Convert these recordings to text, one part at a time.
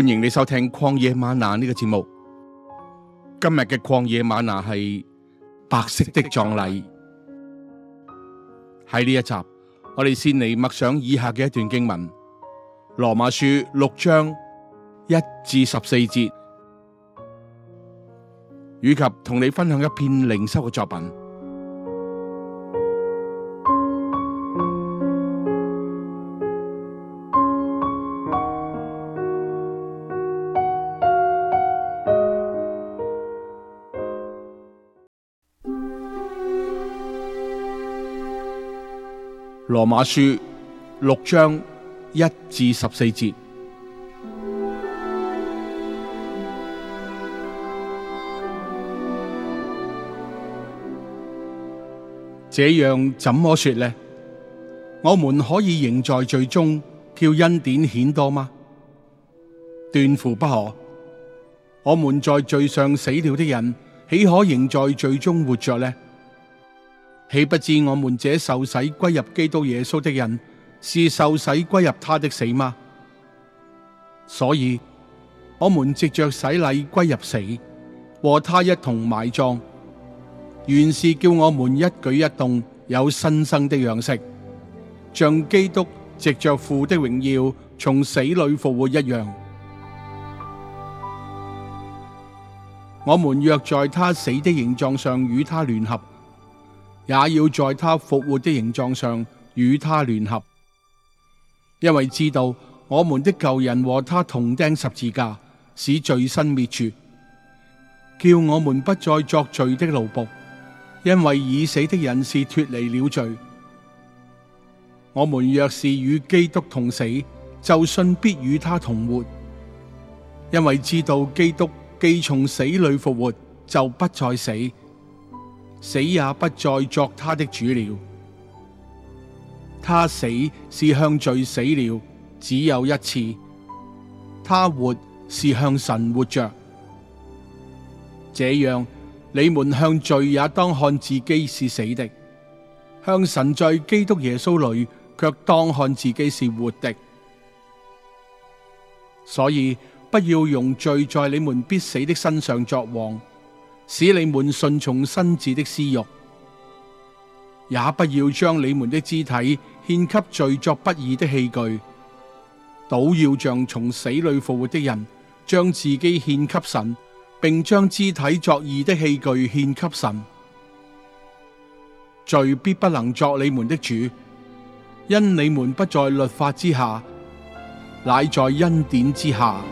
歡迎你收聽曠野嗎哪呢個節目。今日嘅曠野嗎哪係白色的葬禮。喺呢一集，我哋先嚟默想以下嘅一段經文：羅馬書六章一至十四節，與及同你分享一篇靈修嘅作品。羅馬書六章一至十四節，這樣怎麼說呢？我們可以仍在罪中，叫恩典顯多嗎？斷乎不可！我們在罪上死了的人，豈可仍在罪中活着呢？豈不知我們這受洗歸入基督耶穌的人，是受洗歸入他的死嗎？所以，我們藉着洗禮歸入死，和他一同埋葬，原是叫我們一舉一動有新生的樣式，像基督藉着父的榮耀從死裏復活一樣。我們若在他死的形狀上與他聯合，也要在他復活的形狀上與他聯合，因為知道我們的舊人和他同釘十字架，使罪身滅絕，叫我們不再作罪的奴僕。因為已死的人是脫離了罪。我們若是與基督同死，就信必與他同活。因為知道基督既從死裏復活，就不再死。死也不再作他的主了。他死是向罪死了，只有一次；他活是向神活着。這樣，你們向罪也當看自己是死的，向神在基督耶穌裏卻當看自己是活的。所以，不要用罪在你們必死的身上作王。使你們順從身子的私欲，也不要將你們的肢體獻給罪作不義的器具，倒要像從死裏復活的人，將自己獻給神，並將肢體作義的器具獻給神。罪必不能作你們的主，因你們不在律法之下，乃在恩典之下。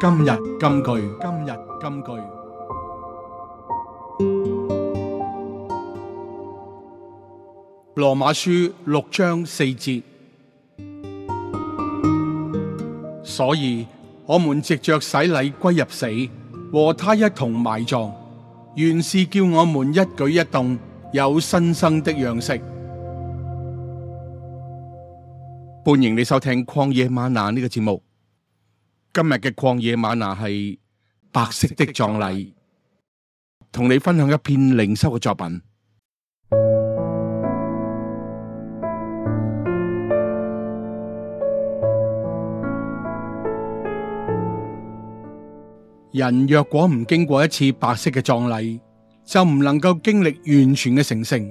今日金句，今日金句。羅馬書六章四節，所以我們藉着洗禮歸入死，和他一同埋葬，原是叫我們一舉一動有新生的樣式。歡迎你收聽曠野嗎哪呢個節目。今日嘅曠野嗎哪係白色的葬禮，同你分享一篇靈修嘅作品。人若果唔經過一次白色嘅葬禮，就唔能夠經歷完全嘅成聖。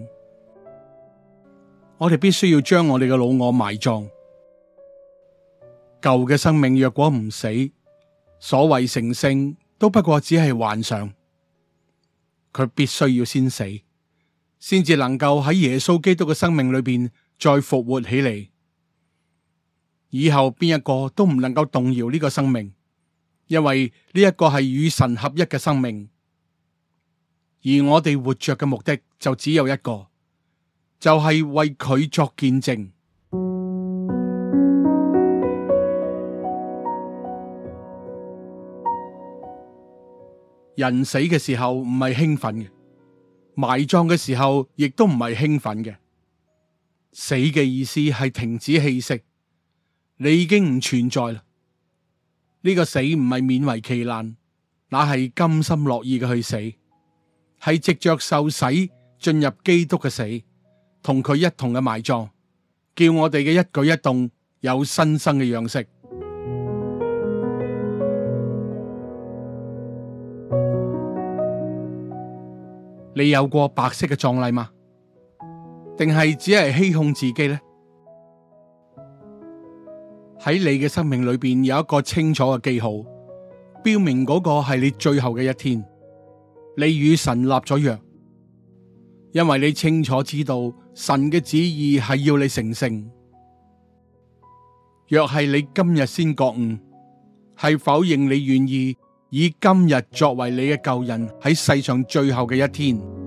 我哋必須要將我哋嘅老我埋葬。舊嘅生命若果唔死，所謂成聖都不過只係幻想。佢必須要先死，先至能夠喺耶穌基督嘅生命裏邊再復活起嚟。以後邊一個都唔能夠動搖呢個生命，因為呢一個係與神合一嘅生命。而我哋活着嘅目的就只有一個，就係為佢作見證。人死嘅時候唔係興奮嘅，埋葬嘅時候亦都唔係興奮嘅。死嘅意思係停止氣息，你已經唔存在啦。呢個死唔係勉為其難，那係甘心樂意嘅去死，係藉着受死進入基督嘅死，同佢一同嘅埋葬，叫我哋嘅一舉一動有新生嘅樣式。你有過白色嘅葬禮嗎？定係只係欺哄自己呢？喺你嘅生命裏邊有一個清楚嘅記號，標明嗰個係你最後嘅一天。你與神立咗約，因為你清楚知道神嘅旨意係要你成聖。若係你今日先覺悟，係否認你願意？以今日作為你嘅舊人喺世上最後嘅一天。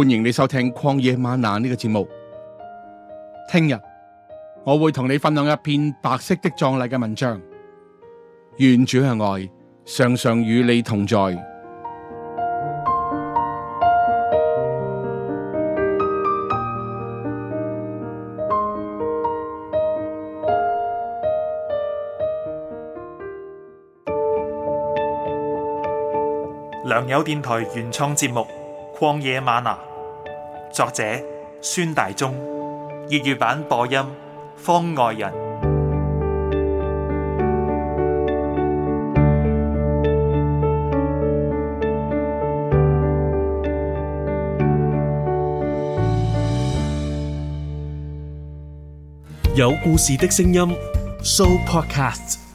歡迎你收聽曠野嗎哪呢個節目。聽日我會同你分享一篇白色的葬禮嘅文章。願主嘅愛，常常與你同在。良友電台原創節目《曠野嗎哪》。作者：孫大中，粵語版播音：方外人。有故事的聲音，Show Podcast。